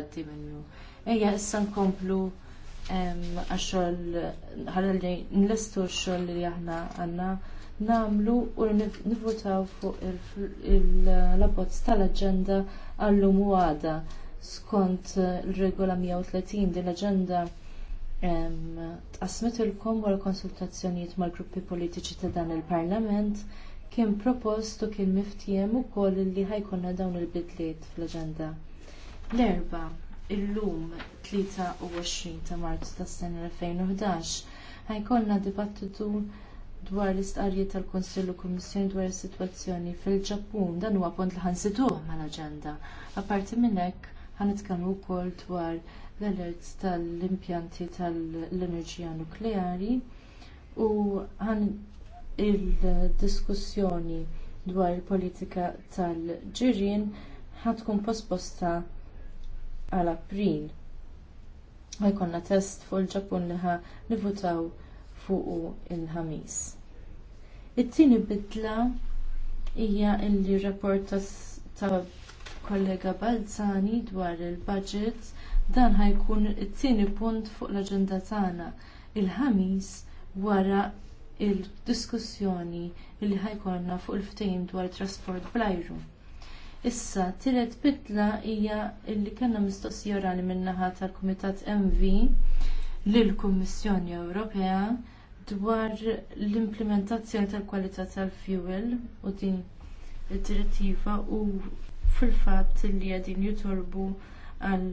għaddi minnu. Ejja, issa nkomplu għaxol ħalli nlestu xol li aħna għanna namlu u nivvotaw fuq il labot tal-agenda għallum u għada skont il-regola 130 din l-agenda tqasmet għal wara konsultazzjonijiet mal-gruppi politiċi ta' dan il-parlament kien propost u kien miftiem ukoll li ħajkonna dawn il-bidliet fl-aġenda. L-erba, illum 23 ta' marzu tas sena 2011, ħajkollna dibattitu dwar l-istqarriet tal kunsill u Kummissjoni dwar is-sitwazzjoni fil-Ġappun. Dan huwa kont li ħansituh mal-aġenda. Apparti minn hekk ħanitkellmu wkoll dwar l-alerts tal-impjanti tal-enerġija nukleari u għan il-diskussjoni dwar il-politika tal-ġirien ħatkun posposta għal april. Għajkonna test fuq il-ġapun liħa nivutaw fuq il-ħamis. It-tieni bidla hija l rapport ta' kollega Balzani dwar il-budget dan ħajkun it-tieni punt fuq l-aġenda tagħna il-ħamis wara il-diskussjoni li ħajkonna fuq il-ftehim dwar it trasport bl-ajru. Issa, tielet bidla hija li kellna mistoqsija orali min-naħa tal-Kumitat MV lill-Kummissjoni Ewropea dwar l-implementazzjoni tal-kwalità tal-fuel u din id-direttiva u fil-fatt li qegħdin jitolbu għal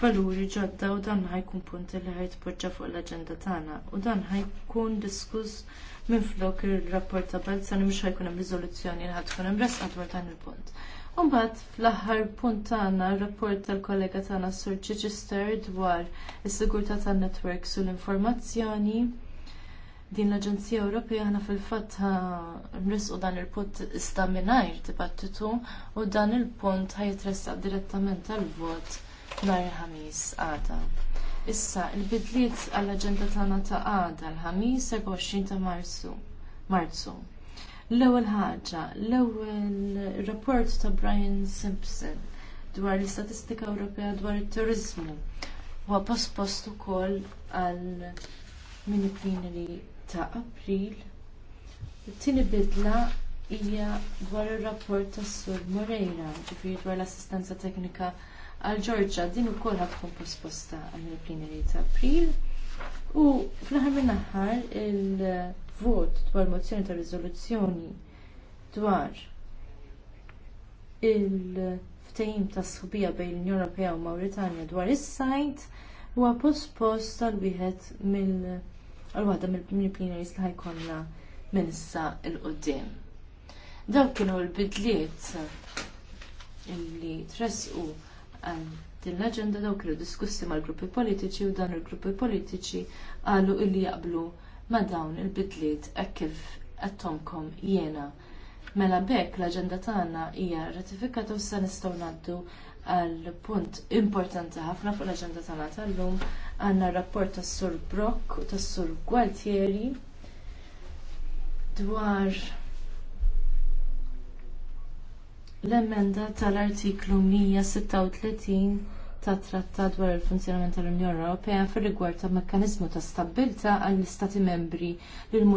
valuri ġodda u dan ħajkun punt li ħajtpoġġa fuq l-aġenda tagħna u dan ħajkun diskuss minflok ir-rapport ta' Balzan mhux ħajkun hemm riżoluzzjoni li tkun hemm resqa dwar dan il-punt. Imbagħad fl-aħħar punt tagħna r-rapport tal-kollega tagħna Sur Chichester dwar is-sigurtà tan-networks u l-informazzjoni din l-Aġenzija Ewropea aħna fil-fatt nrisqu dan il-punt ista' mingħajr dibattitu u dan il-punt ħajtressaq direttament tal-vot nhar il-ħamis għada. Issa, il-bidliet għall-aġenda tagħna ta' għada l-ħamis 24 ta' Marzu. Marzu. L-ewwel ħaġa, l-ewwel rapport ta' Brian Simpson dwar l-istatistika Ewropea dwar it-turizmu. Huwa pospost ukoll għal mini ta' April. It-tieni bidla hija dwar ir-rapport tas Sur Moreira, ġifieri dwar l-assistenza teknika għal Ġorġa din ukoll tkun posposta għall-plenary ta' April. U fl-aħħar minn aħħar il-vot dwar mozzjoni ta' riżoluzzjoni dwar il-ftehim ta' sħubija bejn l-Unjoni Ewropea u Mawritanja dwar is-sajt huwa pospost tal-wieħed mill għal-waħda mill plenary li ħajkonna minn issa il-qoddim. Dawk kienu l-bidliet illi tresqu din l-agenda dawk li diskussi mal-gruppi politiċi u dan il-gruppi politiċi qalu illi jaqblu ma dawn il-bidliet hekk kif għattomkom jiena. Mela bekk l-agenda tagħna hija ratifikata u sa nistgħu ngħaddu għal punt importanti ħafna fuq l-agenda tagħna tal-lum għandna rapport tas-Sur Brock u tas-Sur Gualtieri dwar L-emenda tal-artiklu 136 tat trattat dwar il-funzjonament tal-Unjoni Ewropea fir rigward ta' mekkaniżmu ta' stabilta għall istati membri l